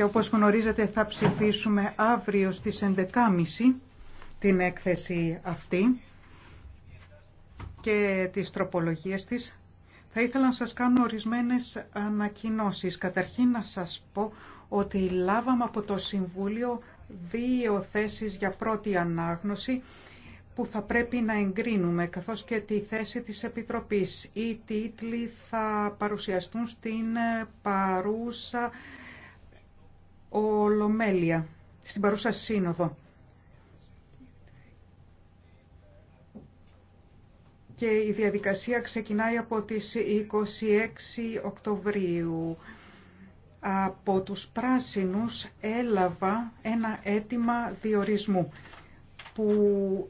και όπως γνωρίζετε θα ψηφίσουμε αύριο στις 11.30 την έκθεση αυτή και τις τροπολογίες της. Θα ήθελα να σας κάνω ορισμένες ανακοινώσεις. Καταρχήν να σας πω ότι λάβαμε από το Συμβούλιο δύο θέσεις για πρώτη ανάγνωση που θα πρέπει να εγκρίνουμε, καθώς και τη θέση της Επιτροπής. Οι τίτλοι θα παρουσιαστούν στην παρούσα Ολομέλεια, στην παρούσα σύνοδο. Και η διαδικασία ξεκινάει από τις 26 Οκτωβρίου. Από τους πράσινους έλαβα ένα αίτημα διορισμού που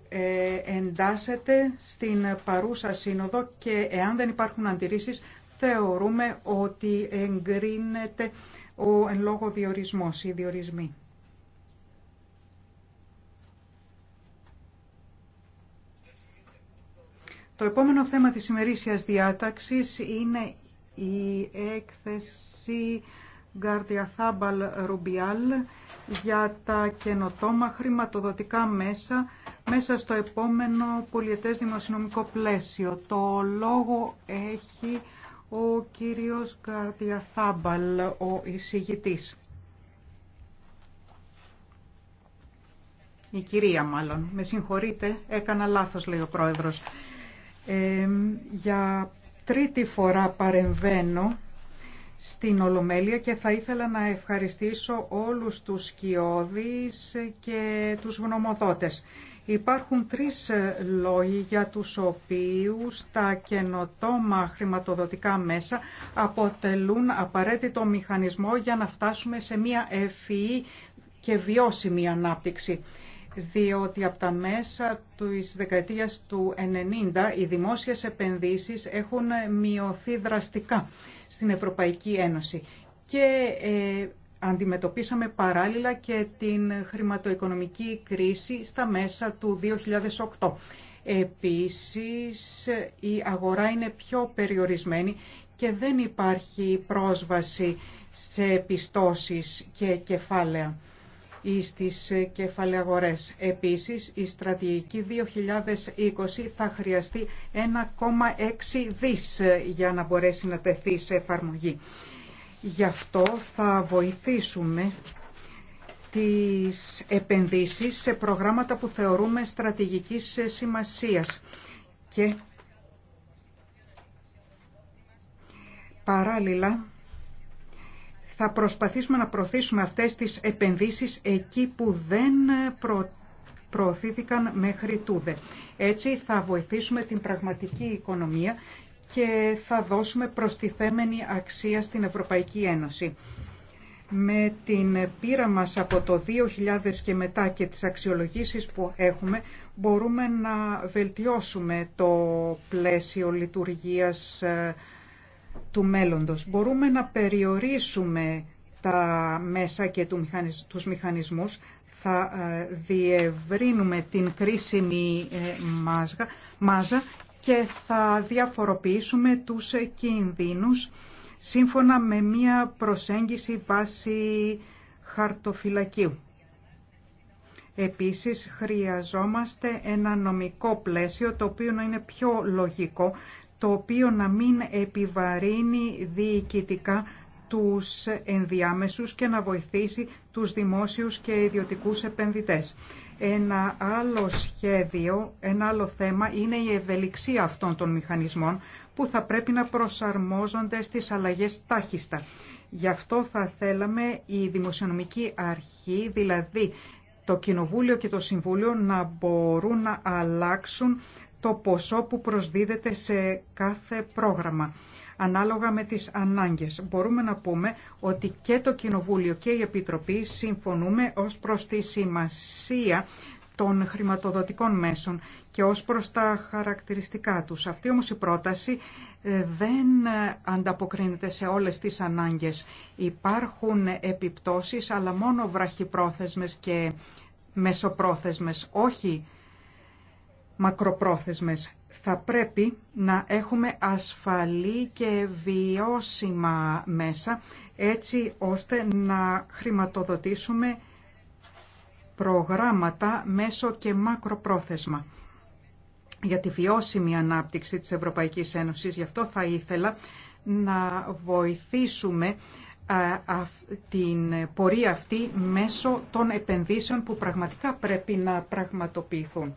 ε, εντάσσεται στην παρούσα σύνοδο και εάν δεν υπάρχουν αντιρρήσεις θεωρούμε ότι εγκρίνεται ο εν λόγω διορισμός ή διορισμοί. Το επόμενο θέμα της ημερήσιας διάταξης είναι η έκθεση Γκάρτια Θάμπαλ Γκάρδια θαμπαλ ρουμπιαλ για τα καινοτόμα χρηματοδοτικά μέσα μέσα στο επόμενο πολιετές δημοσιονομικό πλαίσιο. Το λόγο έχει ο κύριος Καρδιαθάμπαλ, ο εισηγητής. Η κυρία μάλλον. Με συγχωρείτε, έκανα λάθος λέει ο πρόεδρος. για τρίτη φορά παρεμβαίνω στην Ολομέλεια και θα ήθελα να ευχαριστήσω όλους τους σκιώδεις και τους γνωμοδότες Υπάρχουν τρεις ε, λόγοι για τους οποίους τα καινοτόμα χρηματοδοτικά μέσα αποτελούν απαραίτητο μηχανισμό για να φτάσουμε σε μια ευφυή και βιώσιμη ανάπτυξη διότι από τα μέσα της δεκαετίας του 90 οι δημόσιες επενδύσεις έχουν μειωθεί δραστικά στην Ευρωπαϊκή Ένωση και ε, αντιμετωπίσαμε παράλληλα και την χρηματοοικονομική κρίση στα μέσα του 2008. Επίσης, η αγορά είναι πιο περιορισμένη και δεν υπάρχει πρόσβαση σε πιστώσεις και κεφάλαια ή στις κεφαλαιαγορές. Επίσης, η στρατηγική 2020 θα χρειαστεί 1,6 δις για να μπορέσει να τεθεί σε εφαρμογή. Γι' αυτό θα βοηθήσουμε τις επενδύσεις σε προγράμματα που θεωρούμε στρατηγικής σημασίας και παράλληλα θα προσπαθήσουμε να προωθήσουμε αυτές τις επενδύσεις εκεί που δεν προωθήθηκαν μέχρι τούδε. Έτσι θα βοηθήσουμε την πραγματική οικονομία και θα δώσουμε προστιθέμενη αξία στην Ευρωπαϊκή Ένωση. Με την πείρα μας από το 2000 και μετά και τις αξιολογήσεις που έχουμε μπορούμε να βελτιώσουμε το πλαίσιο λειτουργίας ε, του μέλλοντος. Μπορούμε να περιορίσουμε τα μέσα και τους μηχανισμούς, θα ε, διευρύνουμε την κρίσιμη ε, μάζα και θα διαφοροποιήσουμε τους κινδύνους σύμφωνα με μία προσέγγιση βάση χαρτοφυλακίου. Επίσης, χρειαζόμαστε ένα νομικό πλαίσιο το οποίο να είναι πιο λογικό, το οποίο να μην επιβαρύνει διοικητικά τους ενδιάμεσους και να βοηθήσει τους δημόσιους και ιδιωτικούς επενδυτές. Ένα άλλο σχέδιο, ένα άλλο θέμα είναι η ευελιξία αυτών των μηχανισμών που θα πρέπει να προσαρμόζονται στις αλλαγές τάχιστα. Γι' αυτό θα θέλαμε η δημοσιονομική αρχή, δηλαδή το Κοινοβούλιο και το Συμβούλιο, να μπορούν να αλλάξουν το ποσό που προσδίδεται σε κάθε πρόγραμμα ανάλογα με τις ανάγκες. Μπορούμε να πούμε ότι και το Κοινοβούλιο και η Επιτροπή συμφωνούμε ως προς τη σημασία των χρηματοδοτικών μέσων και ως προς τα χαρακτηριστικά τους. Αυτή όμως η πρόταση ε, δεν ανταποκρίνεται σε όλες τις ανάγκες. Υπάρχουν επιπτώσεις, αλλά μόνο βραχυπρόθεσμες και μεσοπρόθεσμες, όχι μακροπρόθεσμες. Θα πρέπει να έχουμε ασφαλή και βιώσιμα μέσα έτσι ώστε να χρηματοδοτήσουμε προγράμματα μέσω και μακροπρόθεσμα για τη βιώσιμη ανάπτυξη της Ευρωπαϊκής Ένωσης. Γι' αυτό θα ήθελα να βοηθήσουμε ε, την πορεία αυτή μέσω των επενδύσεων που πραγματικά πρέπει να πραγματοποιηθούν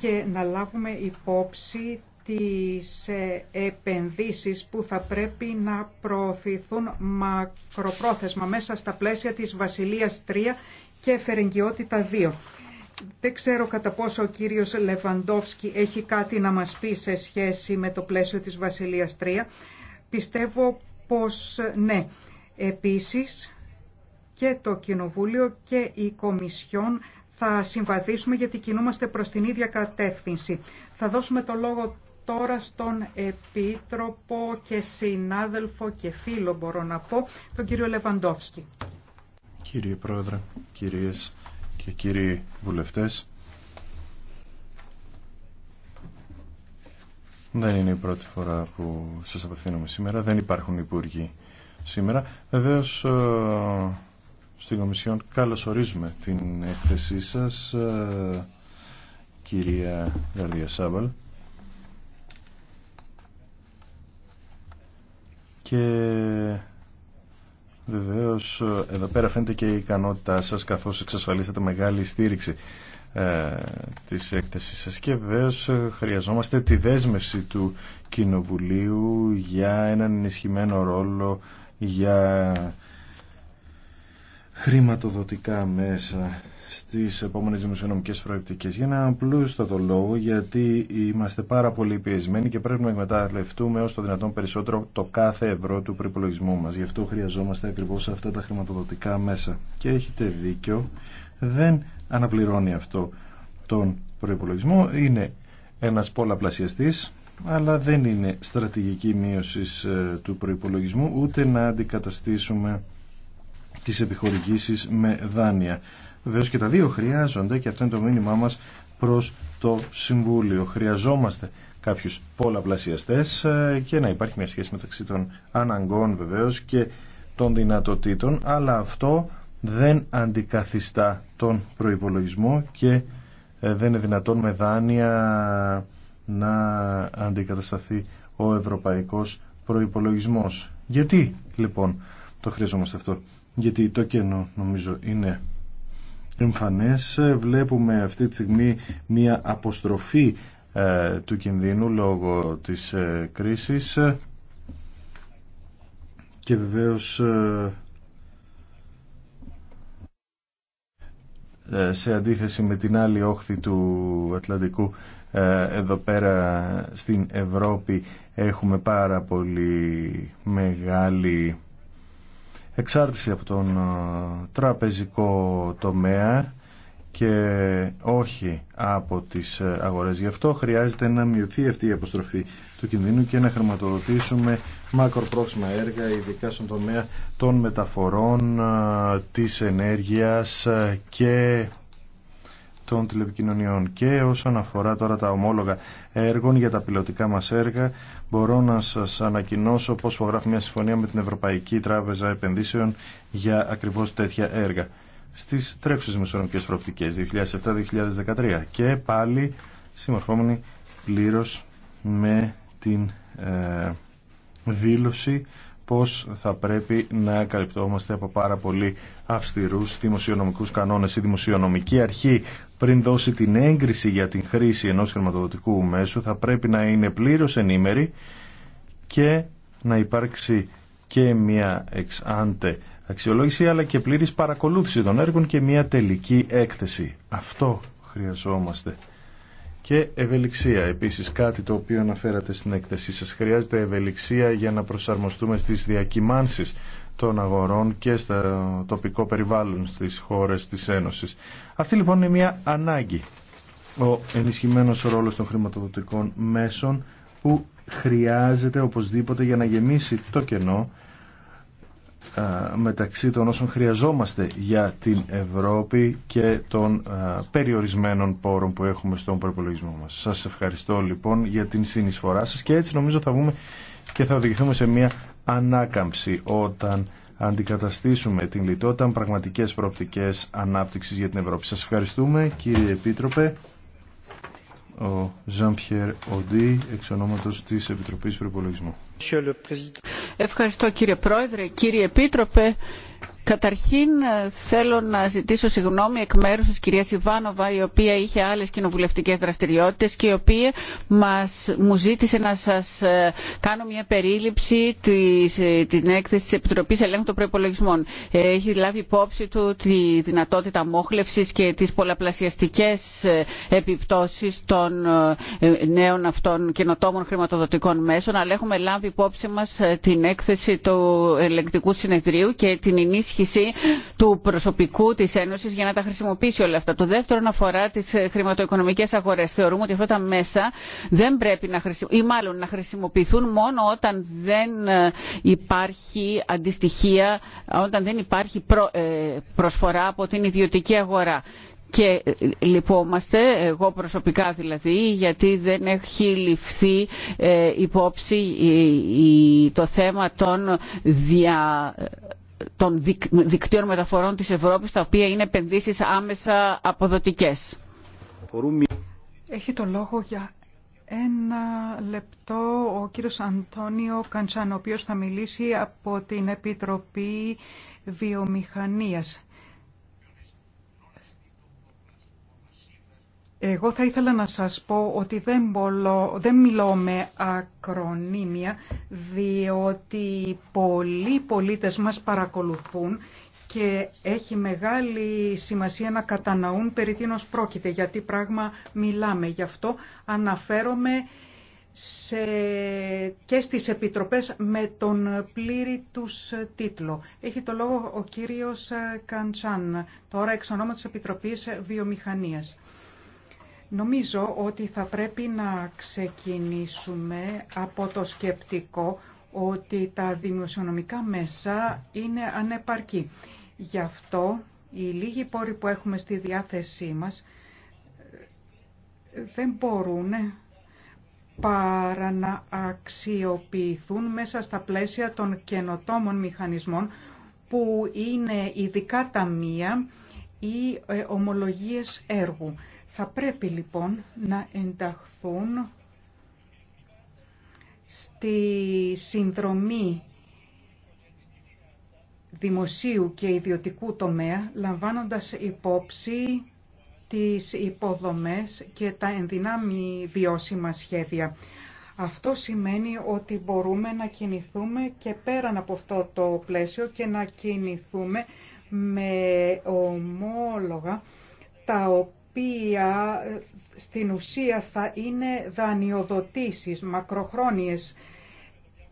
και να λάβουμε υπόψη τις ε, επενδύσεις που θα πρέπει να προωθηθούν μακροπρόθεσμα μέσα στα πλαίσια της Βασιλείας 3 και Φερεγγιότητα 2. Δεν ξέρω κατά πόσο ο κύριος Λεβαντόφσκι έχει κάτι να μας πει σε σχέση με το πλαίσιο της Βασιλείας 3. Πιστεύω πως ναι. Επίσης και το Κοινοβούλιο και η Κομισιόν θα συμβαδίσουμε γιατί κινούμαστε προς την ίδια κατεύθυνση. Θα δώσουμε το λόγο τώρα στον Επίτροπο και συνάδελφο και φίλο μπορώ να πω, τον κύριο Λεβαντόφσκι. Κύριε Πρόεδρε, κυρίες και κύριοι βουλευτές, δεν είναι η πρώτη φορά που σας απευθύνομαι σήμερα, δεν υπάρχουν υπουργοί σήμερα. Βεβαίως ε, στην Κομισιόν. Καλωσορίζουμε την έκθεσή σας, ε, κυρία Γαρδία Σάβαλ. Και βεβαίως ε, εδώ πέρα φαίνεται και η ικανότητά σας καθώς εξασφαλίσατε μεγάλη στήριξη ε, της έκθεσης σας και βεβαίως χρειαζόμαστε τη δέσμευση του Κοινοβουλίου για έναν ενισχυμένο ρόλο για χρηματοδοτικά μέσα στις επόμενες δημοσιονομικές προεπτικές για ένα απλούστατο λόγο γιατί είμαστε πάρα πολύ πιεσμένοι και πρέπει να εκμεταλλευτούμε ως το δυνατόν περισσότερο το κάθε ευρώ του προπολογισμού μας. Γι' αυτό χρειαζόμαστε ακριβώς αυτά τα χρηματοδοτικά μέσα. Και έχετε δίκιο, δεν αναπληρώνει αυτό τον προπολογισμό. Είναι ένας πολλαπλασιαστής αλλά δεν είναι στρατηγική μείωση ε, του προπολογισμού ούτε να αντικαταστήσουμε τις επιχορηγήσεις με δάνεια. Βεβαίω και τα δύο χρειάζονται και αυτό είναι το μήνυμά μας προς το Συμβούλιο. Χρειαζόμαστε κάποιους πολλαπλασιαστές ε, και να υπάρχει μια σχέση μεταξύ των αναγκών βεβαίως και των δυνατοτήτων, αλλά αυτό δεν αντικαθιστά τον προϋπολογισμό και ε, δεν είναι δυνατόν με δάνεια να αντικατασταθεί ο ευρωπαϊκός προϋπολογισμός. Γιατί λοιπόν το χρειαζόμαστε αυτό γιατί το κενό νομίζω είναι εμφανές. Βλέπουμε αυτή τη στιγμή μια αποστροφή ε, του κινδύνου λόγω της ε, κρίσης και βεβαίως ε, σε αντίθεση με την άλλη όχθη του Ατλαντικού εδώ πέρα στην Ευρώπη έχουμε πάρα πολύ μεγάλη εξάρτηση από τον ε, τραπεζικό τομέα και όχι από τις ε, αγορές. Γι' αυτό χρειάζεται να μειωθεί αυτή η αποστροφή του κινδύνου και να χρηματοδοτήσουμε μακροπρόθεσμα έργα, ειδικά στον τομέα των μεταφορών, ε, της ενέργειας και των τηλεπικοινωνιών. Και όσον αφορά τώρα τα ομόλογα έργων για τα πιλωτικά μας έργα, μπορώ να σας ανακοινώσω πώς υπογράφει μια συμφωνία με την Ευρωπαϊκή Τράπεζα Επενδύσεων για ακριβώς τέτοια έργα στις τρέχουσες μεσονομικές προοπτικές 2007-2013 και πάλι συμμορφόμενοι πλήρως με την ε, δήλωση πως θα πρέπει να καλυπτόμαστε από πάρα πολύ αυστηρούς δημοσιονομικούς κανόνες. Η Δημοσιονομική Αρχή πριν δώσει την έγκριση για την χρήση ενός χρηματοδοτικού μέσου θα πρέπει να είναι πλήρως ενήμερη και να υπάρξει και μια εξάντε αξιολόγηση αλλά και πλήρης παρακολούθηση των έργων και μια τελική έκθεση. Αυτό χρειαζόμαστε. Και ευελιξία. Επίσης κάτι το οποίο αναφέρατε στην έκθεσή σας. Χρειάζεται ευελιξία για να προσαρμοστούμε στις διακυμάνσεις των αγορών και στο τοπικό περιβάλλον στις χώρες της Ένωσης. Αυτή λοιπόν είναι μια ανάγκη. Ο ενισχυμένος ρόλος των χρηματοδοτικών μέσων που χρειάζεται οπωσδήποτε για να γεμίσει το κενό μεταξύ των όσων χρειαζόμαστε για την Ευρώπη και των περιορισμένων πόρων που έχουμε στον προπολογισμό μας. Σας ευχαριστώ λοιπόν για την συνεισφορά σας και έτσι νομίζω θα βγούμε και θα οδηγηθούμε σε μια ανάκαμψη όταν αντικαταστήσουμε την λιτότητα με πραγματικές προοπτικές ανάπτυξης για την Ευρώπη. Σας ευχαριστούμε κύριε Επίτροπε ο Ζάμπιερ Οντί, εξ ονόματος της Επιτροπής Προπολογισμού. Ευχαριστώ κύριε Πρόεδρε, κύριε Επίτροπε. Καταρχήν ε, θέλω να ζητήσω συγγνώμη εκ μέρου τη κυρία Ιβάνοβα η οποία είχε άλλε κοινοβουλευτικέ δραστηριότητε και η οποία μας, μου ζήτησε να σα ε, κάνω μια περίληψη της, ε, την έκθεση τη επιτροπή Ελέγχου των προπολογισμών. Έχει λάβει υπόψη του τη δυνατότητα μόχλευση και τι πολλαπλασιαστικέ επιπτώσει των νέων αυτών καινοτόμων χρηματοδοτικών μέσων αλλά έχουμε λάβει υπόψη μας την έκθεση του ελεγκτικού συνεδρίου και την ενίσχυση ενίσχυση του προσωπικού της Ένωσης για να τα χρησιμοποιήσει όλα αυτά. Το δεύτερο αφορά τις ε, χρηματοοικονομικές αγορές. Θεωρούμε ότι αυτά τα μέσα δεν πρέπει να χρησιμοποιηθούν ή μάλλον να χρησιμοποιηθούν μόνο όταν δεν ε, υπάρχει αντιστοιχία όταν δεν υπάρχει ε, προσφορά από την ιδιωτική αγορά και λυπόμαστε, εγώ προσωπικά δηλαδή, γιατί δεν έχει ληφθεί υπόψη το θέμα των δια των δικτύων μεταφορών της Ευρώπης, τα οποία είναι επενδύσεις άμεσα αποδοτικές. Έχει το λόγο για ένα λεπτό ο κύριος Αντώνιο Καντσάν, ο οποίος θα μιλήσει από την Επιτροπή Βιομηχανίας. Εγώ θα ήθελα να σας πω ότι δεν, μπολώ, δεν μιλώ με ακρονίμια, διότι πολλοί πολίτες μας παρακολουθούν και έχει μεγάλη σημασία να καταναούν περί τίνος πρόκειται, γιατί πράγμα μιλάμε. Γι' αυτό αναφέρομαι σε... και στις επιτροπές με τον πλήρη τους τίτλο. Έχει το λόγο ο κύριος Καντσάν, τώρα εξ ονόματος Επιτροπής Βιομηχανίας. Νομίζω ότι θα πρέπει να ξεκινήσουμε από το σκεπτικό ότι τα δημοσιονομικά μέσα είναι ανεπαρκή. Γι' αυτό οι λίγοι πόροι που έχουμε στη διάθεσή μας ε, δεν μπορούν παρά να αξιοποιηθούν μέσα στα πλαίσια των καινοτόμων μηχανισμών που είναι ειδικά ταμεία ή ε, ομολογίες έργου. Θα πρέπει λοιπόν να ενταχθούν στη συνδρομή δημοσίου και ιδιωτικού τομέα, λαμβάνοντας υπόψη τις υποδομές και τα ενδυνάμει βιώσιμα σχέδια. Αυτό σημαίνει ότι μπορούμε να κινηθούμε και πέραν από αυτό το πλαίσιο και να κινηθούμε με ομόλογα τα οποία ε, στην ουσία θα είναι δανειοδοτήσεις, μακροχρόνιες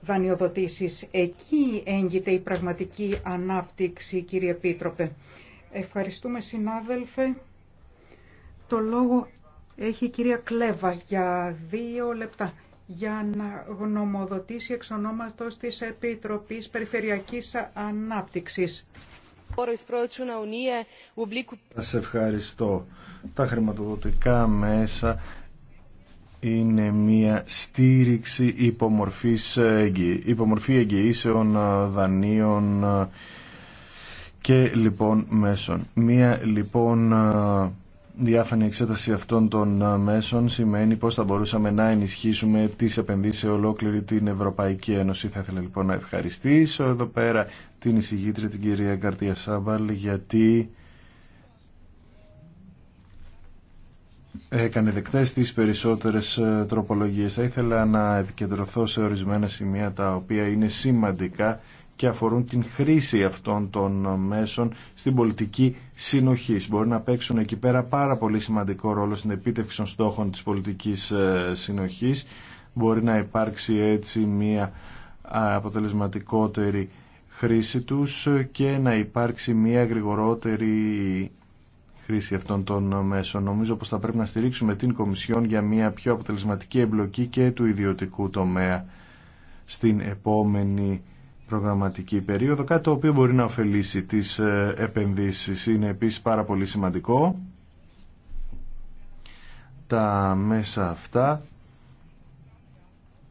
δανειοδοτήσεις. Εκεί έγκυται η πραγματική ανάπτυξη, κύριε Επίτροπε. Ευχαριστούμε, συνάδελφε. Το λόγο έχει η κυρία Κλέβα για δύο λεπτά για να γνωμοδοτήσει εξ ονόματος της Επιτροπής Περιφερειακής Ανάπτυξης. Σας ευχαριστώ. Τα χρηματοδοτικά μέσα είναι μια στήριξη υπομορφής, υπομορφή εγγυήσεων ε, δανείων ε, και λοιπόν μέσων. Μια λοιπόν ε, διάφανη εξέταση αυτών των ε, μέσων σημαίνει πως θα μπορούσαμε να ενισχύσουμε τις επενδύσεις σε ολόκληρη την Ευρωπαϊκή Ένωση. Θα ήθελα λοιπόν να ευχαριστήσω εδώ πέρα την εισηγήτρια την κυρία Γκαρτία Σάβαλ γιατί έκανε δεκτές τις περισσότερες ε, τροπολογίες. Θα ήθελα να επικεντρωθώ σε ορισμένα σημεία τα οποία είναι σημαντικά και αφορούν την χρήση αυτών των μέσων στην πολιτική συνοχή. Μπορεί να παίξουν εκεί πέρα πάρα πολύ σημαντικό ρόλο στην επίτευξη των στόχων της πολιτικής ε, συνοχής. Μπορεί να υπάρξει έτσι μια αποτελεσματικότερη χρήση τους και να υπάρξει μια γρηγορότερη χρήση αυτών των μέσων. Νομίζω πως θα πρέπει να στηρίξουμε την Κομισιόν για μια πιο αποτελεσματική εμπλοκή και του ιδιωτικού τομέα στην επόμενη προγραμματική περίοδο, κάτι το οποίο μπορεί να ωφελήσει τις ε, επενδύσεις. Είναι επίσης πάρα πολύ σημαντικό τα μέσα αυτά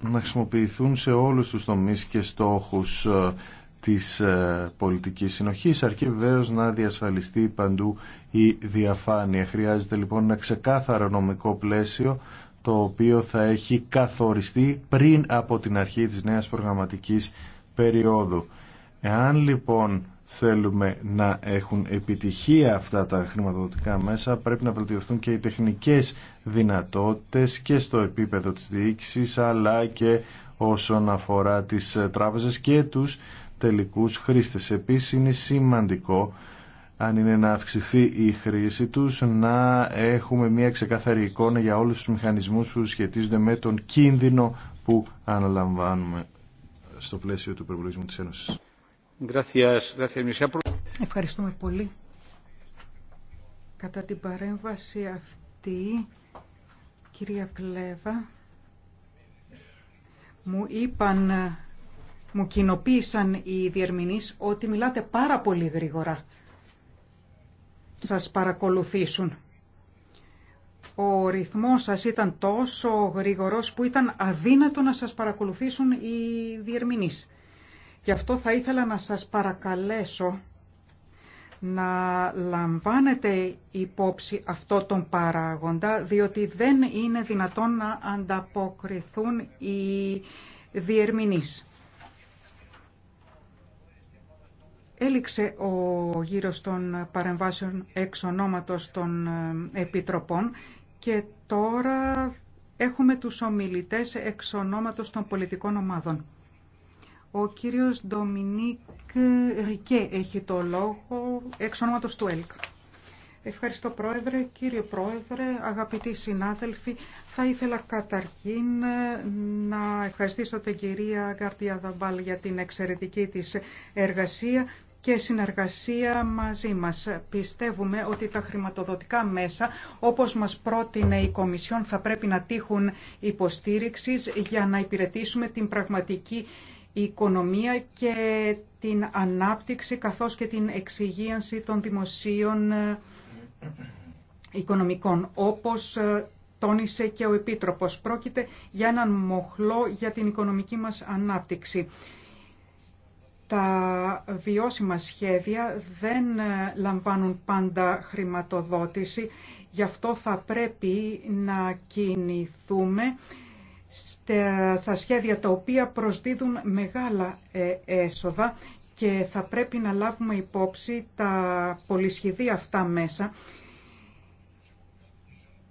να χρησιμοποιηθούν σε όλους τους τομείς και στόχους ε, της ε, πολιτικής συνοχής, αρκεί βεβαίω να διασφαλιστεί παντού η διαφάνεια. Χρειάζεται λοιπόν ένα ξεκάθαρο νομικό πλαίσιο, το οποίο θα έχει καθοριστεί πριν από την αρχή της νέας προγραμματικής περίοδου. Εάν λοιπόν θέλουμε να έχουν επιτυχία αυτά τα χρηματοδοτικά μέσα, πρέπει να βελτιωθούν και οι τεχνικές δυνατότητες και στο επίπεδο της διοίκησης, αλλά και όσον αφορά τις τράπεζες και τους τελικούς χρήστες. Επίσης είναι σημαντικό αν είναι να αυξηθεί η χρήση τους, να έχουμε μια ξεκάθαρη εικόνα για όλους τους μηχανισμούς που σχετίζονται με τον κίνδυνο που αναλαμβάνουμε στο πλαίσιο του προπολογισμού της Ένωσης. Ευχαριστούμε πολύ. Κατά την παρέμβαση αυτή, κυρία Κλέβα, μου είπαν, μου κοινοποίησαν οι διερμηνείς ότι μιλάτε πάρα πολύ γρήγορα. Σας παρακολουθήσουν ο ρυθμός σας ήταν τόσο γρήγορος που ήταν αδύνατο να σας παρακολουθήσουν οι διερμηνείς. Γι' αυτό θα ήθελα να σας παρακαλέσω να λαμβάνετε υπόψη αυτό τον παράγοντα, διότι δεν είναι δυνατόν να ανταποκριθούν οι διερμηνείς. Έληξε ο γύρος των παρεμβάσεων εξ των ε, Επιτροπών και τώρα έχουμε τους ομιλητές εξ ονόματος των πολιτικών ομάδων. Ο κύριος Ντομινίκ Ρικέ έχει το λόγο εξ ονόματος του ΕΛΚ. Ευχαριστώ Πρόεδρε, κύριε Πρόεδρε, αγαπητοί συνάδελφοι. Θα ήθελα καταρχήν να ευχαριστήσω την κυρία Γκαρτία Δαμπάλ για την εξαιρετική της εργασία και συνεργασία μαζί μας. Πιστεύουμε ότι τα χρηματοδοτικά μέσα, όπως μας πρότεινε η Κομισιόν, θα πρέπει να τύχουν υποστήριξης για να υπηρετήσουμε την πραγματική οικονομία και την ανάπτυξη καθώς και την εξυγίανση των δημοσίων ε, οικονομικών, όπως ε, τόνισε και ο Επίτροπος. Πρόκειται για έναν μοχλό για την οικονομική μας ανάπτυξη τα βιώσιμα σχέδια δεν ε, λαμβάνουν πάντα χρηματοδότηση, γι' αυτό θα πρέπει να κινηθούμε στα σχέδια τα οποία προσδίδουν μεγάλα ε, έσοδα και θα πρέπει να λάβουμε υπόψη τα πολυσχεδία αυτά μέσα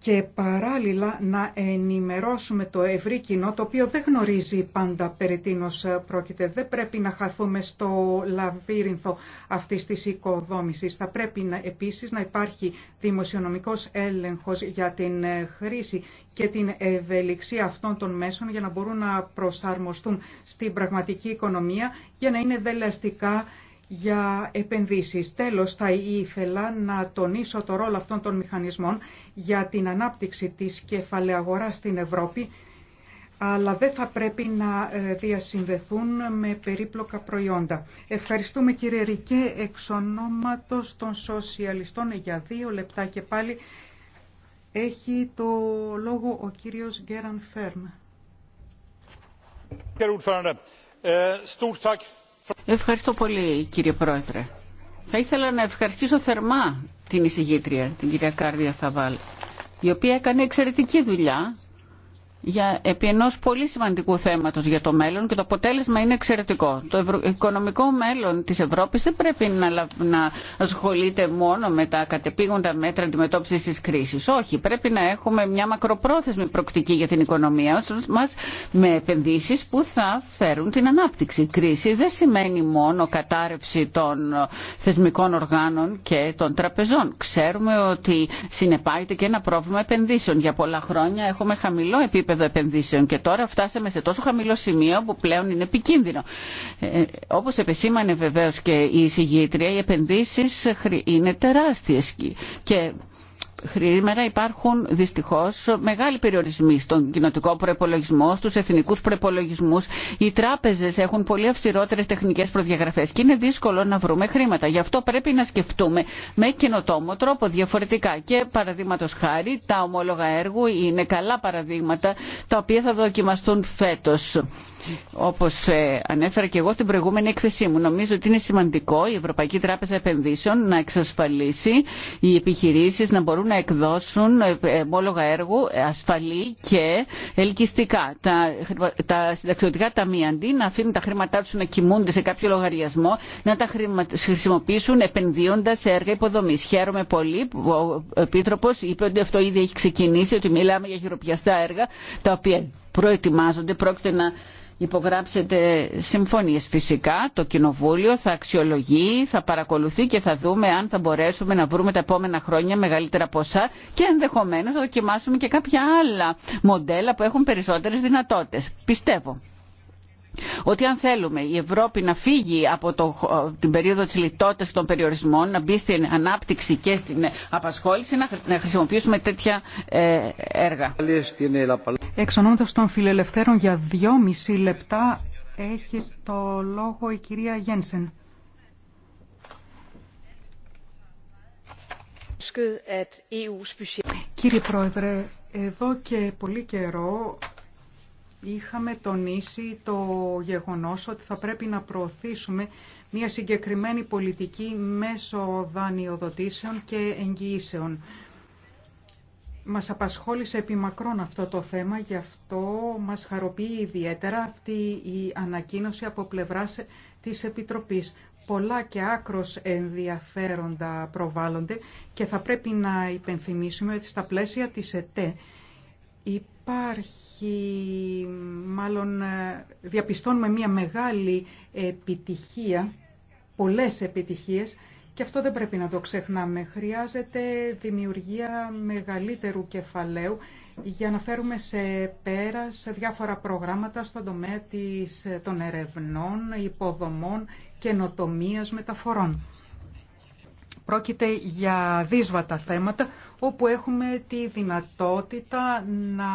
και παράλληλα να ενημερώσουμε το ευρύ κοινό, το οποίο δεν γνωρίζει πάντα περί τίνος ε, πρόκειται. Δεν πρέπει να χαθούμε στο λαβύρινθο αυτής της οικοδόμησης. Θα πρέπει να, επίσης να υπάρχει δημοσιονομικός έλεγχος για την ε, χρήση και την ευελιξία αυτών των μέσων για να μπορούν να προσαρμοστούν στην πραγματική οικονομία για να είναι δελεαστικά για επενδύσεις. Τέλος, θα ήθελα να τονίσω το ρόλο αυτών των μηχανισμών για την ανάπτυξη της κεφαλαίου στην Ευρώπη, αλλά δεν θα πρέπει να ε, διασυνδεθούν με περίπλοκα προϊόντα. Ευχαριστούμε κύριε Ρικέ, εξ ονόματος των σοσιαλιστών για δύο λεπτά και πάλι έχει το λόγο ο κύριος Γκέραν Φέρμα. Ευχαριστώ πολύ κύριε Πρόεδρε. Θα ήθελα να ευχαριστήσω θερμά την εισηγήτρια, την κυρία Κάρδια Θαβάλ, η οποία έκανε εξαιρετική δουλειά για, επί ενός πολύ σημαντικού θέματος για το μέλλον και το αποτέλεσμα είναι εξαιρετικό. Το οικονομικό μέλλον της Ευρώπης δεν πρέπει να, να ασχολείται μόνο με τα κατεπήγοντα μέτρα αντιμετώπισης της κρίσης. Όχι, πρέπει να έχουμε μια μακροπρόθεσμη προκτική για την οικονομία μας με επενδύσεις που θα φέρουν την ανάπτυξη. Η κρίση δεν σημαίνει μόνο κατάρρευση των θεσμικών οργάνων και των τραπεζών. Ξέρουμε ότι συνεπάγεται και ένα πρόβλημα επενδύσεων. Για πολλά χρόνια έχουμε χαμηλό επίπεδο επίπεδο επενδύσεων και τώρα φτάσαμε σε τόσο χαμηλό σημείο που πλέον είναι επικίνδυνο. Ε, όπως επεσήμανε βεβαίως και η εισηγήτρια, οι επενδύσεις είναι τεράστιες και Χρήμερα υπάρχουν δυστυχώς μεγάλοι περιορισμοί στον κοινοτικό προπολογισμό, στου εθνικούς προπολογισμού. Οι τράπεζες έχουν πολύ αυστηρότερε τεχνικές προδιαγραφές και είναι δύσκολο να βρούμε χρήματα. Γι' αυτό πρέπει να σκεφτούμε με καινοτόμο τρόπο διαφορετικά. Και παραδείγματο χάρη τα ομόλογα έργου είναι καλά παραδείγματα τα οποία θα δοκιμαστούν φέτο. Όπως ε, ανέφερα και εγώ στην προηγούμενη έκθεσή μου, νομίζω ότι είναι σημαντικό η Ευρωπαϊκή Τράπεζα Επενδύσεων να εξασφαλίσει οι επιχειρήσεις να μπορούν να εκδώσουν εμπόλογα έργου ασφαλή και ελκυστικά. Τα, τα συνταξιωτικά ταμεία αντί να αφήνουν τα χρήματά τους να κοιμούνται σε κάποιο λογαριασμό, να τα χρησιμοποιήσουν επενδύοντας σε έργα υποδομής. Χαίρομαι πολύ που ο Επίτροπος είπε ότι αυτό ήδη έχει ξεκινήσει, ότι μιλάμε για χειροπιαστά έργα τα οποία προετοιμάζονται, πρόκειται να υπογράψετε συμφωνίες φυσικά. Το Κοινοβούλιο θα αξιολογεί, θα παρακολουθεί και θα δούμε αν θα μπορέσουμε να βρούμε τα επόμενα χρόνια μεγαλύτερα ποσά και ενδεχομένως θα δοκιμάσουμε και κάποια άλλα μοντέλα που έχουν περισσότερες δυνατότητες. Πιστεύω ότι αν θέλουμε η Ευρώπη να φύγει από ε, την περίοδο της λιτότητας των περιορισμών, να μπει στην ανάπτυξη και στην απασχόληση, να, χρησιμοποιήσουμε τέτοια ε, έργα. Εξ ονόματος των φιλελευθέρων για δυόμιση λεπτά έχει το λόγο η κυρία Γένσεν. E Κύριε Πρόεδρε, εδώ και πολύ καιρό είχαμε τονίσει το γεγονός ότι θα πρέπει να προωθήσουμε μια συγκεκριμένη πολιτική μέσω δανειοδοτήσεων και εγγυήσεων. Μας απασχόλησε επιμακρών αυτό το θέμα, γι' αυτό μας χαροποιεί ιδιαίτερα αυτή η ανακοίνωση από πλευράς της Επιτροπής. Πολλά και άκρος ενδιαφέροντα προβάλλονται και θα πρέπει να υπενθυμίσουμε ότι στα πλαίσια της ΕΤΕ υπάρχει, μάλλον ε, διαπιστώνουμε μια μεγάλη επιτυχία, πολλές επιτυχίες και αυτό δεν πρέπει να το ξεχνάμε. Χρειάζεται δημιουργία μεγαλύτερου κεφαλαίου για να φέρουμε σε πέρα σε διάφορα προγράμματα στον τομέα της, των ερευνών, υποδομών, καινοτομίας, μεταφορών. Πρόκειται για δύσβατα θέματα όπου έχουμε τη δυνατότητα να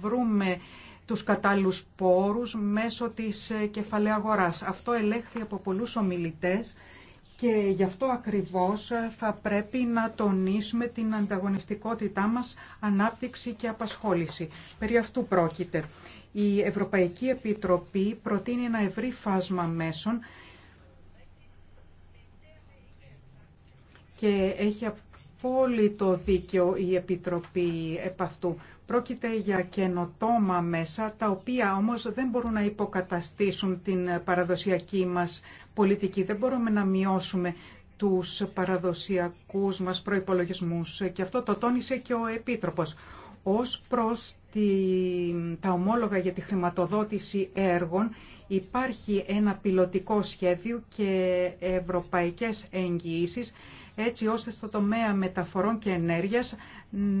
βρούμε τους κατάλληλους πόρους μέσω της ε, κεφαλαία αγοράς. Αυτό ελέγχθη από πολλούς ομιλητές και γι' αυτό ακριβώς ε, θα πρέπει να τονίσουμε την ανταγωνιστικότητά μας ανάπτυξη και απασχόληση. Περί αυτού πρόκειται. Η Ευρωπαϊκή Επιτροπή προτείνει ένα ευρύ φάσμα μέσων και έχει απόλυτο δίκιο η Επιτροπή επ' αυτού. Πρόκειται για καινοτόμα μέσα, τα οποία όμως δεν μπορούν να υποκαταστήσουν την παραδοσιακή μας πολιτική. Δεν μπορούμε να μειώσουμε τους παραδοσιακούς μας προϋπολογισμούς και αυτό το τόνισε και ο Επίτροπος. Ως προς τη, τα ομόλογα για τη χρηματοδότηση έργων υπάρχει ένα πιλωτικό σχέδιο και ευρωπαϊκές εγγυήσεις έτσι ώστε στο τομέα μεταφορών και ενέργειας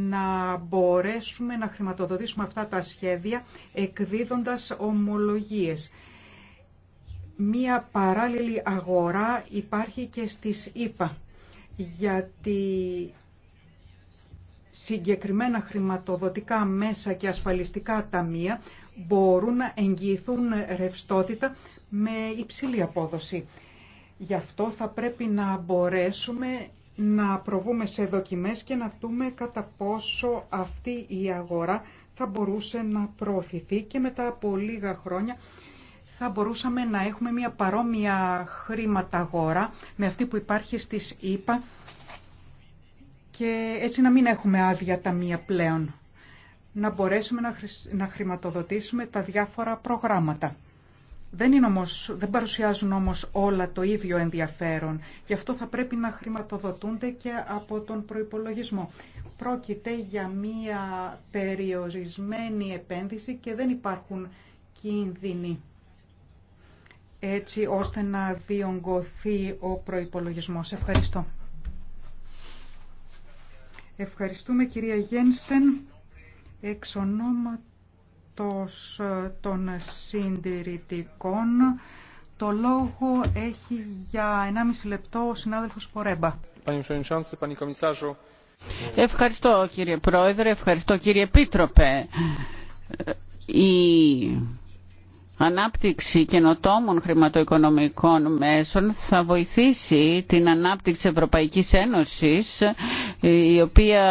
να μπορέσουμε να χρηματοδοτήσουμε αυτά τα σχέδια εκδίδοντας ομολογίες. Μία παράλληλη αγορά υπάρχει και στις ΗΠΑ, γιατί συγκεκριμένα χρηματοδοτικά μέσα και ασφαλιστικά ταμεία μπορούν να εγγυηθούν ρευστότητα με υψηλή απόδοση. Γι' αυτό θα πρέπει να μπορέσουμε να προβούμε σε δοκιμές και να δούμε κατά πόσο αυτή η αγορά θα μπορούσε να προωθηθεί και μετά από λίγα χρόνια θα μπορούσαμε να έχουμε μια παρόμοια αγορά με αυτή που υπάρχει στις ΗΠΑ και έτσι να μην έχουμε άδεια ταμεία πλέον. Να μπορέσουμε να χρηματοδοτήσουμε τα διάφορα προγράμματα. Δεν, είναι δεν παρουσιάζουν όμως όλα το ίδιο ενδιαφέρον. Γι' αυτό θα πρέπει να χρηματοδοτούνται και από τον προϋπολογισμό. Πρόκειται για μία περιορισμένη επένδυση και δεν υπάρχουν κίνδυνοι έτσι ώστε να διονγκωθεί ο προϋπολογισμός. Ευχαριστώ. Ευχαριστούμε κυρία Γένσεν εξ εκτός ε, των συντηρητικών. Το λόγο έχει για 1,5 λεπτό ο συνάδελφος Πορέμπα. Ευχαριστώ κύριε Πρόεδρε, ευχαριστώ κύριε Επίτροπε. Ε, η ανάπτυξη καινοτόμων χρηματοοικονομικών μέσων θα βοηθήσει την ανάπτυξη Ευρωπαϊκής Ένωσης η οποία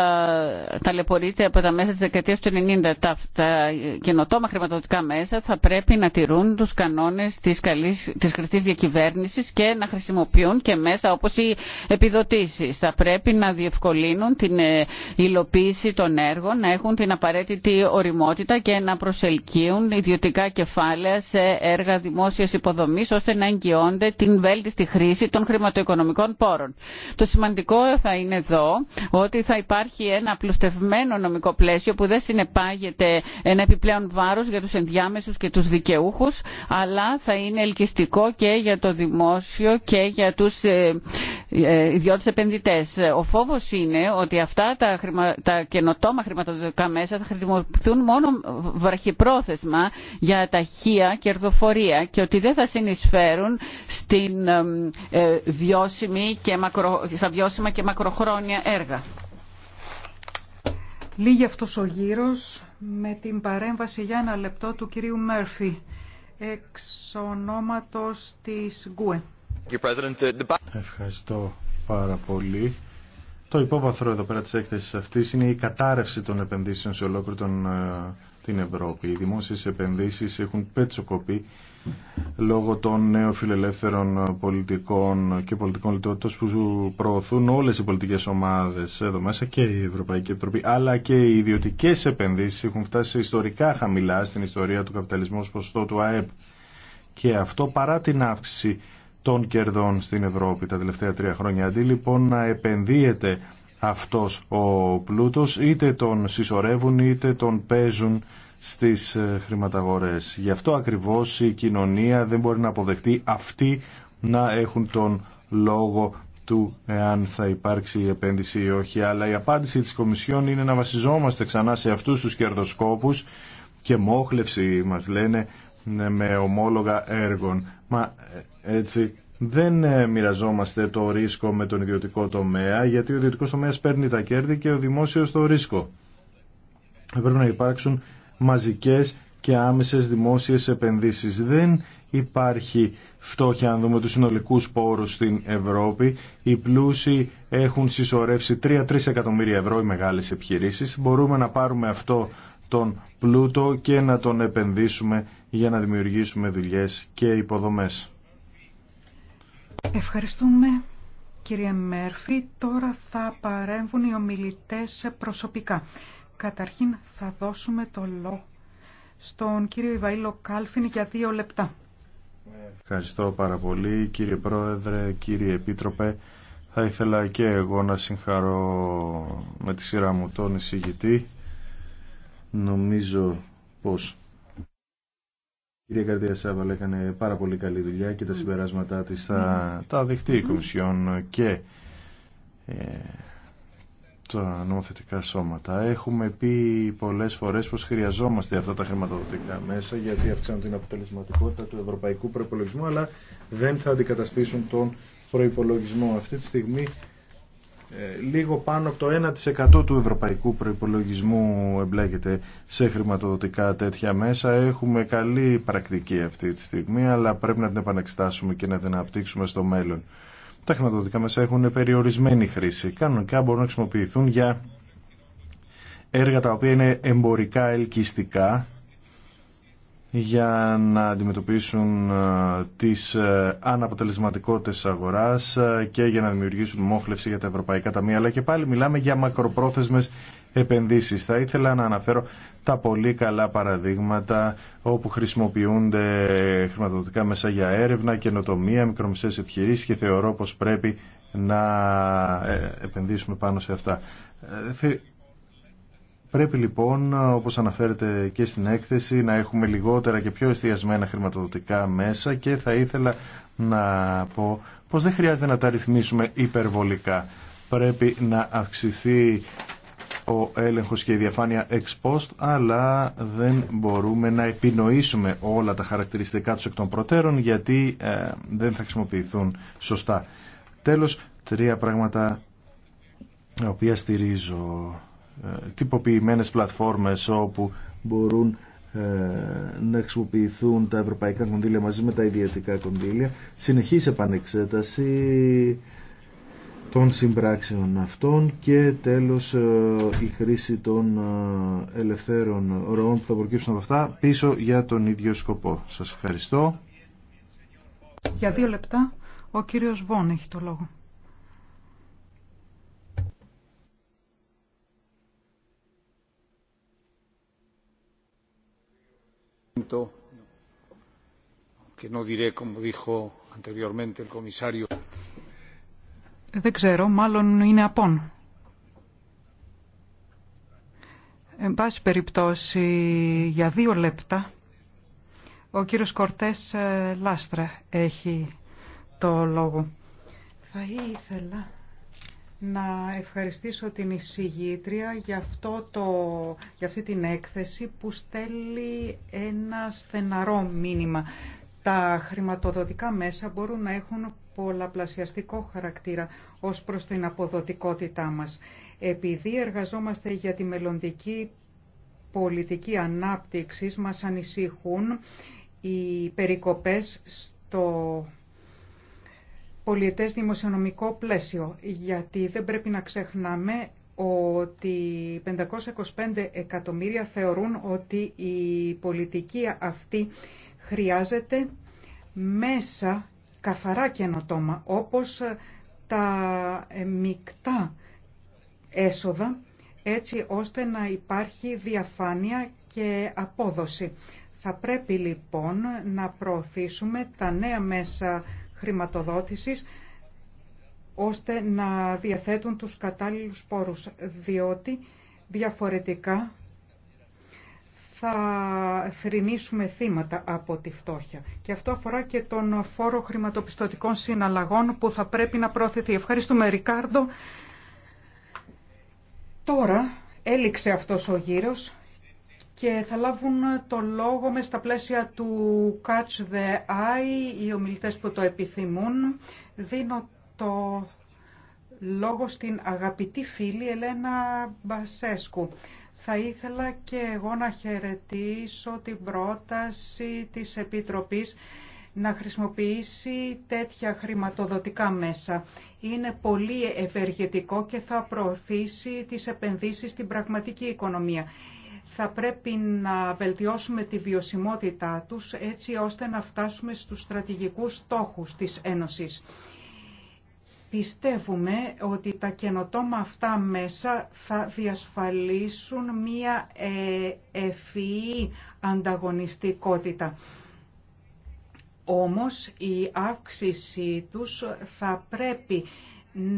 ταλαιπωρείται από τα μέσα της δεκαετίας του 90. Τα, τα καινοτόμα χρηματοδοτικά μέσα θα πρέπει να τηρούν τους κανόνες της, καλής, της χρηστής διακυβέρνησης και να χρησιμοποιούν και μέσα όπως οι επιδοτήσεις. Θα πρέπει να διευκολύνουν την ε, υλοποίηση των έργων, να έχουν την απαραίτητη οριμότητα και να προσελκύουν ιδιωτικά κεφάλαια σε έργα δημόσια υποδομή, ώστε να εγγυώνται την βέλτιστη χρήση των χρηματοοικονομικών πόρων. Το σημαντικό θα είναι εδώ ότι θα υπάρχει ένα απλουστευμένο νομικό πλαίσιο που δεν συνεπάγεται ένα επιπλέον βάρος για του ενδιάμεσου και του δικαιούχου, αλλά θα είναι ελκυστικό και για το δημόσιο και για του ε, ε, ιδιώτες επενδυτές. Ο φόβος είναι ότι αυτά τα, τα καινοτόμα χρηματοδοτικά μέσα θα χρησιμοποιηθούν μόνο βραχυπρόθεσμα για ταχεία και κερδοφορία και ότι δεν θα συνεισφέρουν στην ε, και μακρο, στα βιώσιμα και μακροχρόνια έργα. Λίγη αυτός ο γύρος με την παρέμβαση για ένα λεπτό του κυρίου Μέρφυ εξ ονόματος της Γκουε. Ευχαριστώ πάρα πολύ. Το υπόβαθρο εδώ πέρα της έκθεσης αυτής είναι η κατάρρευση των επενδύσεων σε ολόκληρο τον ε, την Ευρώπη. Οι δημόσιες επενδύσεις έχουν πετσοκοπεί λόγω των νέων φιλελεύθερων πολιτικών και πολιτικών λιτότητας που προωθούν όλες οι πολιτικές ομάδες εδώ μέσα και η Ευρωπαϊκή Επιτροπή αλλά και οι ιδιωτικές επενδύσεις έχουν φτάσει σε ιστορικά χαμηλά στην ιστορία του καπιταλισμού ως ποσοστό του ΑΕΠ και αυτό παρά την αύξηση των κερδών στην Ευρώπη τα τελευταία τρία χρόνια. Αντί λοιπόν να επενδύεται αυτός ο πλούτος, είτε τον συσσωρεύουν είτε τον παίζουν στις ε, χρηματαγορές. Γι' αυτό ακριβώς η κοινωνία δεν μπορεί να αποδεχτεί αυτοί να έχουν τον λόγο του εάν θα υπάρξει η επένδυση ή όχι. Αλλά η απάντηση της Κομισιόν είναι να βασιζόμαστε ξανά σε αυτούς τους κερδοσκόπους και μόχλευση μας λένε με ομόλογα έργων. Μα ε, έτσι δεν ε, μοιραζόμαστε το ρίσκο με τον ιδιωτικό τομέα, γιατί ο ιδιωτικός τομέας παίρνει τα κέρδη και ο δημόσιος το ρίσκο. Πρέπει να υπάρξουν μαζικές και άμεσες δημόσιες επενδύσεις. Δεν υπάρχει φτώχεια, αν δούμε του συνολικούς πόρους στην Ευρώπη. Οι πλούσιοι έχουν συσσωρεύσει 3-3 εκατομμύρια ευρώ οι μεγάλες επιχειρήσεις. Μπορούμε να πάρουμε αυτό τον πλούτο και να τον επενδύσουμε για να δημιουργήσουμε δουλειές και υποδομές. Ευχαριστούμε κύριε Μέρφη. Τώρα θα παρέμβουν οι ομιλητές προσωπικά. Καταρχήν θα δώσουμε το λόγο στον κύριο Ιβαήλο Κάλφιν για δύο λεπτά. Ευχαριστώ πάρα πολύ κύριε Πρόεδρε, κύριε Επίτροπε. Θα ήθελα και εγώ να συγχαρώ με τη σειρά μου τον εισηγητή. Νομίζω πως κυρία Καρδία Σάβαλ έκανε πάρα πολύ καλή δουλειά και τα συμπεράσματά της θα τα δεχτεί η Κομισιόν και ε, τα νομοθετικά σώματα. Έχουμε πει πολλές φορές πως χρειαζόμαστε αυτά τα χρηματοδοτικά μέσα γιατί αυξάνουν την αποτελεσματικότητα του ευρωπαϊκού προπολογισμού αλλά δεν θα αντικαταστήσουν τον προϋπολογισμό. Αυτή τη στιγμή ε, λίγο πάνω από το 1% του ευρωπαϊκού προϋπολογισμού εμπλέκεται σε χρηματοδοτικά τέτοια μέσα. Έχουμε καλή πρακτική αυτή τη στιγμή, αλλά πρέπει να την επανεξετάσουμε και να την αναπτύξουμε στο μέλλον. Τα χρηματοδοτικά μέσα έχουν περιορισμένη χρήση. Κανονικά μπορούν να χρησιμοποιηθούν για έργα τα οποία είναι εμπορικά ελκυστικά για να αντιμετωπίσουν ε, τις ε, αναποτελεσματικότητες αγοράς ε, και για να δημιουργήσουν μόχλευση για τα ευρωπαϊκά ταμεία. Αλλά και πάλι μιλάμε για μακροπρόθεσμες επενδύσεις. Θα ήθελα να αναφέρω τα πολύ καλά παραδείγματα όπου χρησιμοποιούνται χρηματοδοτικά μέσα για έρευνα, καινοτομία, μικρομισές επιχειρήσεις και θεωρώ πως πρέπει να επενδύσουμε πάνω σε αυτά. Πρέπει λοιπόν, όπως αναφέρεται και στην έκθεση, να έχουμε λιγότερα και πιο εστιασμένα χρηματοδοτικά μέσα και θα ήθελα να πω πως δεν χρειάζεται να τα ρυθμίσουμε υπερβολικά. Πρέπει να αυξηθεί ο έλεγχος και η διαφάνεια ex post, αλλά δεν μπορούμε να επινοήσουμε όλα τα χαρακτηριστικά τους εκ των προτέρων, γιατί ε, δεν θα χρησιμοποιηθούν σωστά. Τέλος, τρία πράγματα τα οποία στηρίζω ε, τυποποιημένες πλατφόρμες όπου μπορούν ε, να χρησιμοποιηθούν τα ευρωπαϊκά κονδύλια μαζί με τα ιδιωτικά κονδύλια. Συνεχής επανεξέταση των συμπράξεων αυτών και τέλος ε, η χρήση των ελευθέρων ροών που θα προκύψουν από αυτά πίσω για τον ίδιο σκοπό. Σας ευχαριστώ. Για δύο λεπτά ο κύριος Βόν έχει το λόγο. momento que no diré como dijo anteriormente el comisario. Δεν ξέρω, μάλλον είναι απόν. Εν πάση περιπτώσει, για δύο λεπτά, ο κύριος Κορτές ε, Λάστρα έχει το λόγο. Θα ήθελα να ευχαριστήσω την εισηγήτρια για, αυτό το, για αυτή την έκθεση που στέλνει ένα στεναρό μήνυμα. Τα χρηματοδοτικά μέσα μπορούν να έχουν πολλαπλασιαστικό χαρακτήρα ως προς την αποδοτικότητά μας. Επειδή εργαζόμαστε για τη μελλοντική πολιτική ανάπτυξη, μας ανησυχούν οι περικοπές στο πολιετές δημοσιονομικό πλαίσιο, γιατί δεν πρέπει να ξεχνάμε ότι 525 εκατομμύρια θεωρούν ότι η πολιτική αυτή χρειάζεται μέσα καθαρά καινοτόμα, όπως τα μεικτά έσοδα, έτσι ώστε να υπάρχει διαφάνεια και απόδοση. Θα πρέπει λοιπόν να προωθήσουμε τα νέα μέσα χρηματοδότησης ώστε να διαθέτουν τους κατάλληλους πόρους, διότι διαφορετικά θα θρηνήσουμε θύματα από τη φτώχεια. Και αυτό αφορά και τον φόρο χρηματοπιστωτικών συναλλαγών που θα πρέπει να προωθηθεί. Ευχαριστούμε, Ρικάρντο. Τώρα έληξε αυτός ο γύρος και θα λάβουν το λόγο με στα πλαίσια του Catch the Eye, οι ομιλητές που το επιθυμούν. Δίνω το λόγο στην αγαπητή φίλη Ελένα Μπασέσκου. Θα ήθελα και εγώ να χαιρετήσω την πρόταση της Επιτροπής να χρησιμοποιήσει τέτοια χρηματοδοτικά μέσα. Είναι πολύ ευεργετικό και θα προωθήσει τις επενδύσεις στην πραγματική οικονομία θα πρέπει να βελτιώσουμε τη βιωσιμότητά τους έτσι ώστε να φτάσουμε στους στρατηγικούς στόχους της Ένωσης. Πιστεύουμε ότι τα καινοτόμα αυτά μέσα θα διασφαλίσουν μία ε, ευφυή ανταγωνιστικότητα. Όμως η αύξησή τους θα πρέπει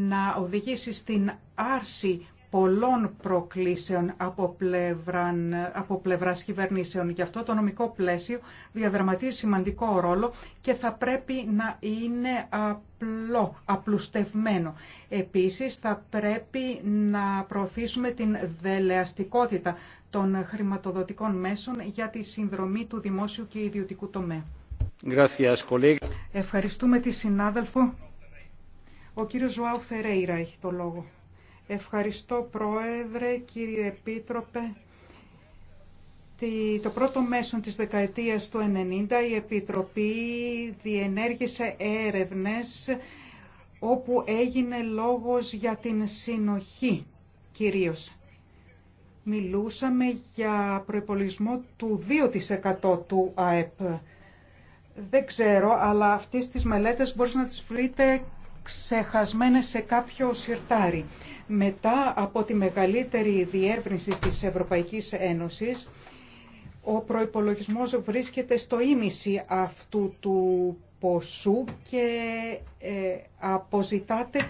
να οδηγήσει στην άρση πολλών προκλήσεων από, πλευραν, από πλευράς κυβερνήσεων. Γι' αυτό το νομικό πλαίσιο διαδραματίζει σημαντικό ρόλο και θα πρέπει να είναι απλό, απλουστευμένο. Επίσης θα πρέπει να προωθήσουμε την δελεαστικότητα των χρηματοδοτικών μέσων για τη συνδρομή του δημόσιου και ιδιωτικού τομέα. Ευχαριστούμε τη συνάδελφο. Ο κύριος Ζωάου Φερέιρα έχει το λόγο. Ευχαριστώ Πρόεδρε, κύριε Επίτροπε. Το πρώτο μέσο της δεκαετίας του 90 η Επιτροπή διενέργησε έρευνες όπου έγινε λόγος για την συνοχή κυρίως. Μιλούσαμε για προϋπολισμό του 2% του ΑΕΠ. Δεν ξέρω, αλλά αυτές τις μελέτες μπορείς να τις βρείτε ξεχασμένες σε κάποιο σιρτάρι. Μετά από τη μεγαλύτερη διεύρυνση της Ευρωπαϊκής Ένωσης, ο προϋπολογισμός βρίσκεται στο ίμιση αυτού του ποσού και ε, αποζητάται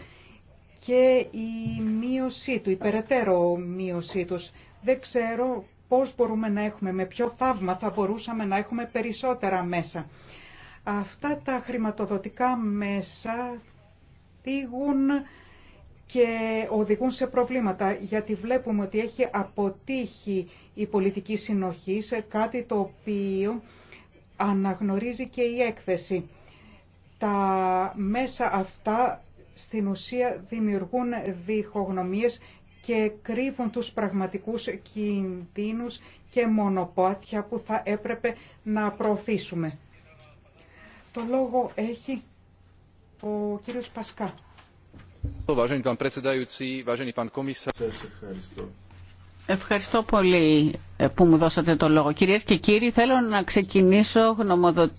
και η μείωσή του, η περαιτέρω μείωσή τους. Δεν ξέρω πώς μπορούμε να έχουμε, με ποιο θαύμα θα μπορούσαμε να έχουμε περισσότερα μέσα. Αυτά τα χρηματοδοτικά μέσα και οδηγούν σε προβλήματα, γιατί βλέπουμε ότι έχει αποτύχει η πολιτική συνοχή σε κάτι το οποίο αναγνωρίζει και η έκθεση. Τα μέσα αυτά στην ουσία δημιουργούν διχογνωμίες και κρύβουν τους πραγματικούς κινδύνους και μονοπάτια που θα έπρεπε να προωθήσουμε. Το λόγο έχει ο κύριος Πασκά. Ευχαριστώ πολύ που μου δώσατε το λόγο. Κυρίες και κύριοι, θέλω να ξεκινήσω γνωμοδοτή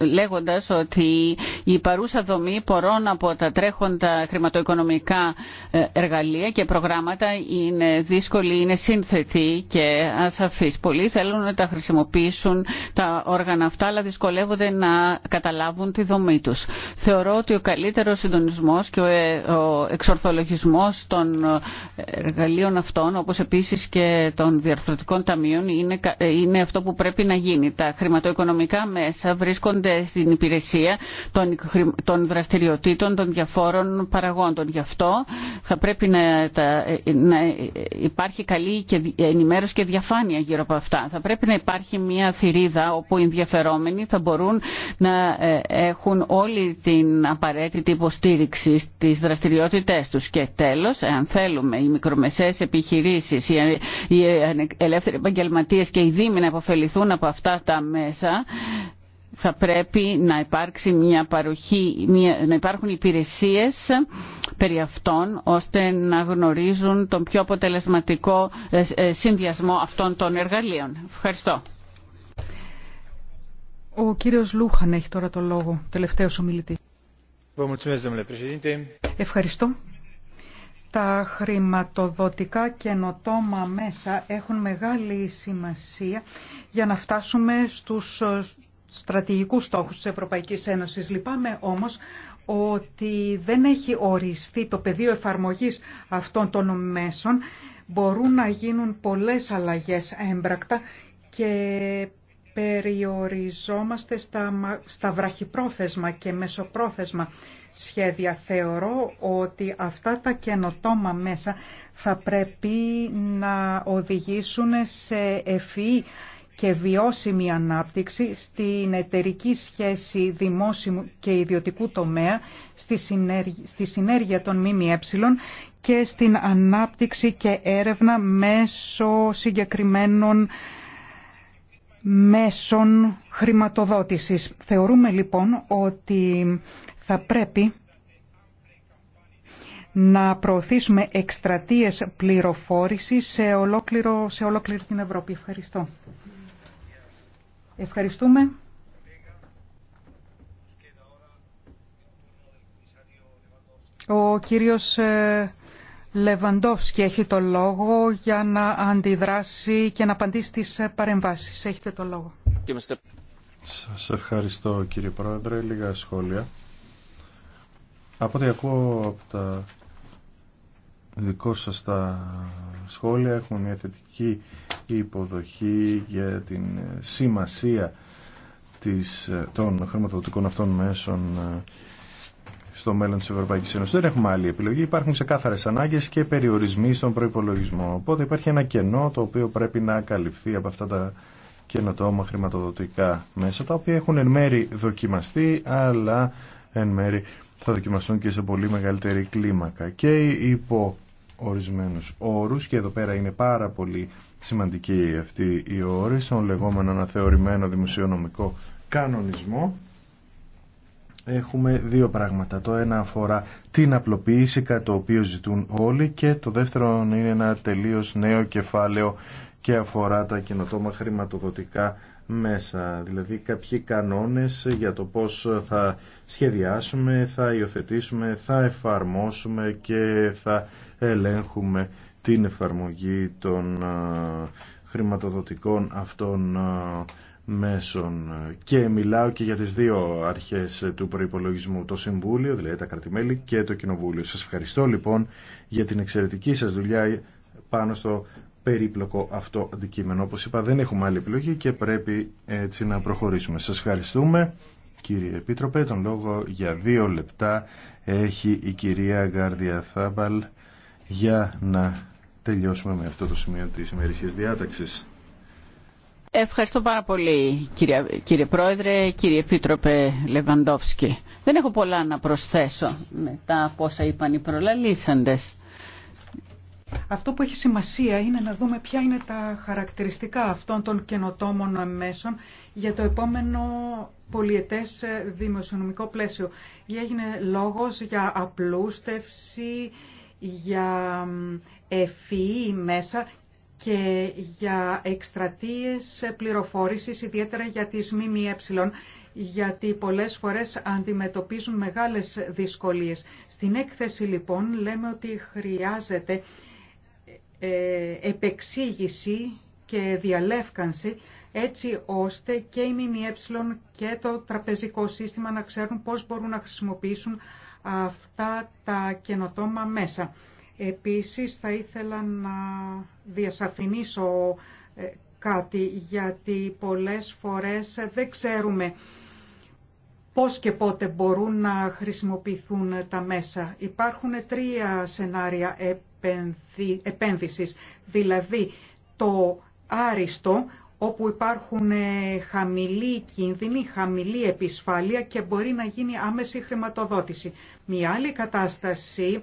λέγοντας ότι η παρούσα δομή πορών από τα τρέχοντα χρηματοοικονομικά ε, εργαλεία και προγράμματα είναι δύσκολη, είναι σύνθετη και ασαφής. Πολλοί θέλουν να τα χρησιμοποιήσουν τα όργανα αυτά, αλλά δυσκολεύονται να καταλάβουν τη δομή τους. Θεωρώ ότι ο καλύτερος συντονισμός και ο ε, εξορθολογισμός των εργαλείων αυτών, όπως επίσης και των διαρθρωτικών ταμείων, είναι, ε, είναι αυτό που πρέπει να γίνει. Τα χρηματοοικονομικά μέσα βρίσκονται βρίσκονται στην υπηρεσία των δραστηριοτήτων των διαφόρων παραγόντων. Γι' αυτό θα πρέπει να, υπάρχει καλή και ενημέρωση και διαφάνεια γύρω από αυτά. Θα πρέπει να υπάρχει μια θηρίδα όπου οι ενδιαφερόμενοι θα μπορούν να ε, έχουν όλη την απαραίτητη υποστήριξη στις δραστηριότητές τους. Και τέλος, αν θέλουμε οι μικρομεσαίες επιχειρήσεις, οι ελεύθεροι επαγγελματίε και οι δήμοι να υποφεληθούν από αυτά τα μέσα, θα πρέπει να υπάρξει μια παροχή, μια, να υπάρχουν υπηρεσίες περί αυτών ώστε να γνωρίζουν τον πιο αποτελεσματικό ε, ε, συνδυασμό αυτών των εργαλείων. Ευχαριστώ. Ο κύριος Λούχαν έχει τώρα το λόγο, τελευταίος ομιλητή. Ευχαριστώ. Τα χρηματοδοτικά καινοτόμα μέσα έχουν μεγάλη σημασία για να φτάσουμε στους στρατηγικούς στόχου της Ευρωπαϊκής Ένωσης. Λυπάμαι όμως ότι δεν έχει οριστεί το πεδίο εφαρμογής αυτών των μέσων. Μπορούν να γίνουν πολλές αλλαγέ έμπρακτα και περιοριζόμαστε στα, στα βραχυπρόθεσμα και μεσοπρόθεσμα σχέδια. Θεωρώ ότι αυτά τα καινοτόμα μέσα θα πρέπει να οδηγήσουν σε ευφυή και βιώσιμη ανάπτυξη στην εταιρική σχέση δημόσιου και ιδιωτικού τομέα, στη συνέργεια των ΜΜΕ και στην ανάπτυξη και έρευνα μέσω συγκεκριμένων μέσων χρηματοδότησης. Θεωρούμε λοιπόν ότι θα πρέπει να προωθήσουμε εκστρατείες πληροφόρησης σε, σε ολόκληρη την Ευρώπη. Ευχαριστώ. Ευχαριστούμε. Ο κύριος ε, Λεβαντόφσκι έχει το λόγο για να αντιδράσει και να απαντήσει στις ε, παρεμβάσεις. Έχετε το λόγο. Σας ευχαριστώ κύριε Πρόεδρε. Λίγα σχόλια. Από ό,τι ακούω από τα δικό σας τα σχόλια. Έχουμε μια θετική υποδοχή για την σημασία της, των χρηματοδοτικών αυτών μέσων ε, στο μέλλον της Ευρωπαϊκής Ένωσης. Δεν έχουμε άλλη επιλογή. Υπάρχουν ξεκάθαρες ανάγκες και περιορισμοί στον προϋπολογισμό. Οπότε υπάρχει ένα κενό το οποίο πρέπει να καλυφθεί από αυτά τα καινοτόμα χρηματοδοτικά μέσα, τα οποία έχουν εν μέρη δοκιμαστεί, αλλά εν μέρη θα δοκιμαστούν και σε πολύ μεγαλύτερη κλίμακα. Και υπό ορισμένους όρους και εδώ πέρα είναι πάρα πολύ σημαντική αυτή η όρη στον λεγόμενο αναθεωρημένο δημοσιονομικό κανονισμό έχουμε δύο πράγματα. Το ένα αφορά την απλοποίηση κατά το οποίο ζητούν όλοι και το δεύτερο είναι ένα τελείως νέο κεφάλαιο και αφορά τα καινοτόμα χρηματοδοτικά μέσα. Δηλαδή κάποιοι κανόνες για το πώς θα σχεδιάσουμε, θα υιοθετήσουμε, θα εφαρμόσουμε και θα ελέγχουμε την εφαρμογή των χρηματοδοτικών αυτών μέσων. Και μιλάω και για τις δύο αρχές του προϋπολογισμού, το Συμβούλιο, δηλαδή τα κρατημέλη και το Κοινοβούλιο. Σας ευχαριστώ λοιπόν για την εξαιρετική σας δουλειά πάνω στο περίπλοκο αυτό αντικείμενο. Όπως είπα δεν έχουμε άλλη επιλογή και πρέπει έτσι να προχωρήσουμε. Σας ευχαριστούμε κύριε Επίτροπε. Τον λόγο για δύο λεπτά έχει η κυρία Γκάρδια Θάμπαλ για να τελειώσουμε με αυτό το σημείο της ημερησίας διάταξης. Ευχαριστώ πάρα πολύ κύριε, κύριε Πρόεδρε, κύριε Επίτροπε Λεβαντόφσκι. Δεν έχω πολλά να προσθέσω μετά από όσα είπαν οι προλαλήσαντες. Αυτό που έχει σημασία είναι να δούμε ποια είναι τα χαρακτηριστικά αυτών των καινοτόμων μέσων για το επόμενο πολιετές ε, δημοσιονομικό πλαίσιο. Έγινε λόγος για απλούστευση, για ευφυή μέσα και για εκστρατείες πληροφόρησης, ιδιαίτερα για τις ΜΜΕ, γιατί πολλές φορές αντιμετωπίζουν μεγάλες δυσκολίες. Στην έκθεση λοιπόν λέμε ότι χρειάζεται ε, επεξήγηση και διαλεύκανση έτσι ώστε και η ΜΜΕ και το τραπεζικό σύστημα να ξέρουν πώς μπορούν να χρησιμοποιήσουν αυτά τα καινοτόμα μέσα. Επίσης θα ήθελα να διασαφηνίσω ε, κάτι γιατί πολλές φορές δεν ξέρουμε πώς και πότε μπορούν να χρησιμοποιηθούν τα μέσα. Υπάρχουν τρία σενάρια ε, επένδυσης, δηλαδή το άριστο όπου υπάρχουν ε, χαμηλή κίνδυνη, χαμηλή επισφάλεια και μπορεί να γίνει άμεση χρηματοδότηση. Μια άλλη κατάσταση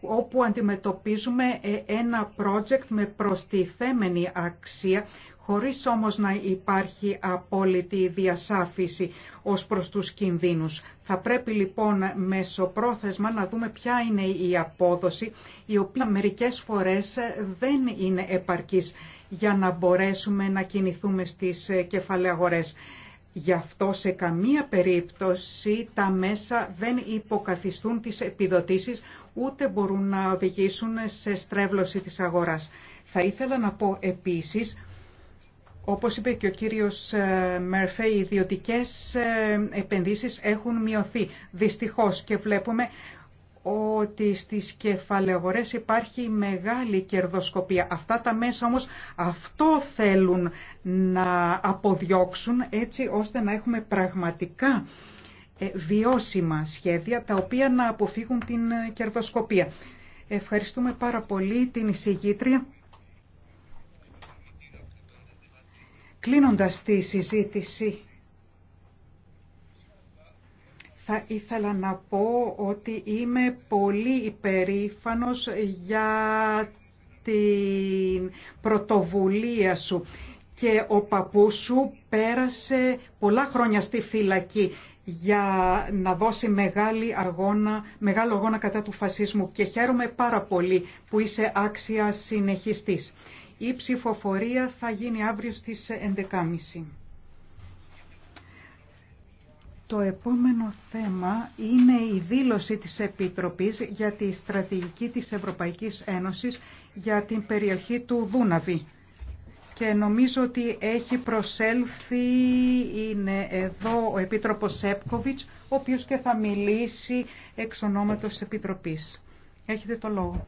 όπου αντιμετωπίζουμε ε, ένα project με προστιθέμενη αξία χωρίς όμως να υπάρχει απόλυτη διασάφηση ως προς τους κινδύνους. Θα πρέπει λοιπόν μέσω πρόθεσμα, να δούμε ποια είναι η απόδοση, η οποία μερικές φορές δεν είναι επαρκής για να μπορέσουμε να κινηθούμε στις κεφαλαίες Γι' αυτό σε καμία περίπτωση τα μέσα δεν υποκαθιστούν τις επιδοτήσεις ούτε μπορούν να οδηγήσουν σε στρέβλωση της αγοράς. Θα ήθελα να πω επίσης όπως είπε και ο κύριος ε, Μερφέ, οι ιδιωτικές ε, επενδύσεις έχουν μειωθεί. Δυστυχώς και βλέπουμε ότι στις κεφαλαιογορές υπάρχει μεγάλη κερδοσκοπία. Αυτά τα μέσα όμως αυτό θέλουν να αποδιώξουν έτσι ώστε να έχουμε πραγματικά ε, βιώσιμα σχέδια τα οποία να αποφύγουν την κερδοσκοπία. Ευχαριστούμε πάρα πολύ την εισηγήτρια Κλείνοντας τη συζήτηση, θα ήθελα να πω ότι είμαι πολύ υπερήφανος για την πρωτοβουλία σου και ο παππούς σου πέρασε πολλά χρόνια στη φυλακή για να δώσει μεγάλη αγώνα, μεγάλο αγώνα κατά του φασισμού και χαίρομαι πάρα πολύ που είσαι άξια συνεχιστής. Η ψηφοφορία θα γίνει αύριο στις 11.30. Το επόμενο θέμα είναι η δήλωση της Επιτροπής για τη στρατηγική της Ευρωπαϊκής Ένωσης για την περιοχή του Δούναβη. Και νομίζω ότι έχει προσέλθει, είναι εδώ ο Επίτροπος Σέπκοβιτς, ο οποίος και θα μιλήσει εξ ονόματος Επιτροπής. Έχετε το λόγο.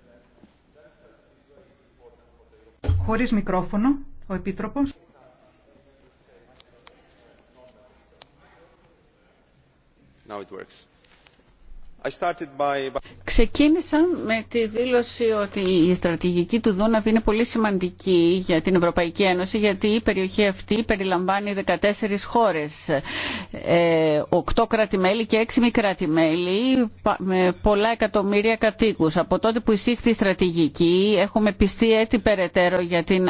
Χωρίς μικρόφωνο, ο Επίτροπος. Now it works. Ξεκίνησα με τη δήλωση ότι η στρατηγική του Δούναβ είναι πολύ σημαντική για την Ευρωπαϊκή Ένωση γιατί η περιοχή αυτή περιλαμβάνει 14 χώρες, 8 ε, κράτη-μέλη και 6 μη κράτη-μέλη με πολλά εκατομμύρια κατοίκους. Από τότε που εισήχθη η στρατηγική έχουμε πιστεί έτσι περαιτέρω για την